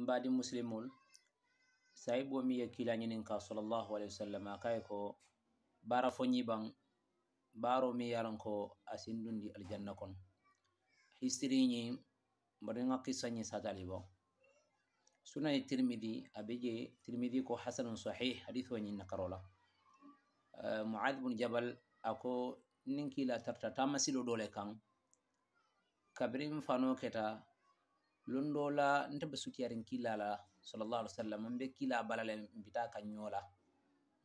mbadi muslimol sai ɓomi yakkila ñinin ka sallallahu alahi wa sallam kay ko bara fo ñiɓan baro mi yaran ko asindundi aljanna kon histiriñi mbaɗinga kissañi satali bo sunani tirmidi aɓe je tirmidi ko hasanun sahih hadith oñi nakarola eh, mouad bun jabal ako ninkila tarta ta masiɗo ɗole kan kabrim fano keta londola nte ba sukiyarin kilala sallallahu alaihi wasallam mbe kila balale mbita kan nyola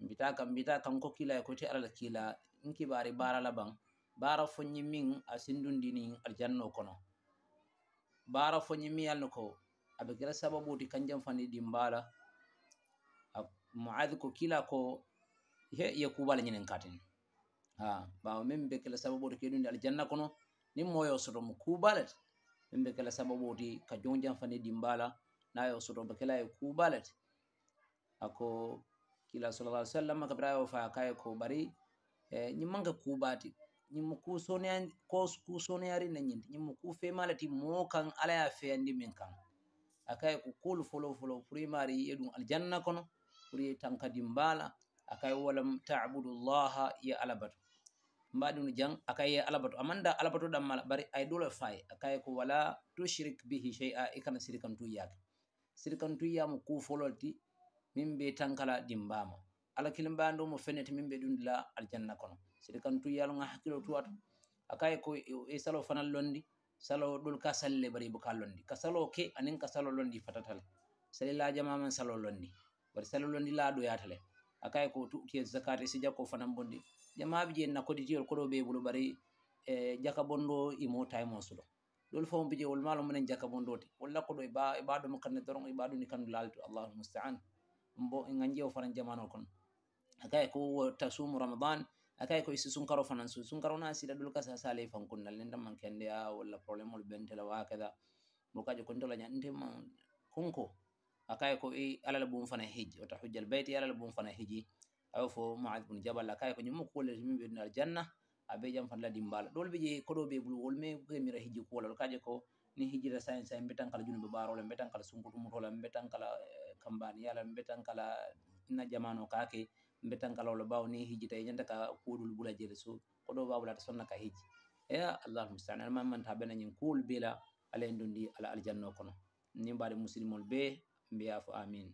mbita kan mbita kan ko kila e ko ti alal kila nki bari bara la bang bara fo nyimin asindun dini aljanno kono bara fo nyimi yalno ko abe gira sababu di kanjam fani di mbala muadh ko kila ko he ye kubala nyinen katin ha ba mem be kala sababu di kedun aljanna kono nim moyo sodo mu kubala yimɓe kala sababuti ka jon janfani dimbala naye o soto ɓe kala e kubalate ako kila sallah ali sallam kabira o fa kaye ko ɓari e ñimmanka kubati ñimmo ku sonya ko ku sonyari na ñinde ñimmo ku femalati mo kan ala ya feyandi min kan akaye ko kolu folo folo pour imari ye ɗum aljanna kono pour ye tanka dimbala akaye walam tabudu llaha ya alabatu mbaɗi ɗum jan akaye alabato amanda alabato ɗam mala bari ay ɗolo fay akaye ko wala toshirik bihi chey a ikana sirikantuyyaka sirikantuyyama kufololti min ɓe tankala dimbama alakili mbando mo fenete min ɓe ɗumdila aljanna kono sirikantuyyaloga hakkilo tuwata akaye ko e, e salo fanal londi salo ɗol ka salle bari bo ka londi ka salo ke anin ka salo londi fatatale salilajamaman salo londi bari salo londi laɗoyatale akay ko tuki zakat e sijakko fanan bonde jamaaɓe je nakkoditiyol koɗo ɓe ɓulo ɓari e jaka bonɗo imo e taymo e suɗo ɗol fo mbije wol maalo munen jaka bonɗote walla koɗo e ba e ɓaɗomo kanne doron e ɓaɗoni kandu laalto allahu lmustaan bo e gandje o fanan jamano kon akay ko tasumu ramadan akay ko si sunkaro fanan su sunkaro na siɗa ɗol kasa sale e fankunnal nen ndamman kendea walla probléme ol bentela wa kada bo kaƴo kontola ñaɗntema konko akaye ko alal bum fana hijji wata hujjal bayti alal bum fana hijji awo fo maad bun jabal akaye ko ñumma kuwole min ɓeɗuna aljanna abe jam fana ladi mbala ɗol ɓe jeehi koɗo ɓe ɓulwol mai gamira hijji kuwolal kaje ko ni hijjira sain sain mbetan kala junuɓe ɓarola mbetan kala sunkutumutola mbetan kala eh, kambani yala mbetan kala na jamano kake mbetan kala wola bawa ni hijji tawi ñanta ka kuɗol ɓula jeere so koɗo wawulata sonna ka hijji e allahul mustaan ala mamanta benañin kuwol bela ala en ndondi ala aljanno kono ni mbaɗe musilmol bee behalf. Amin.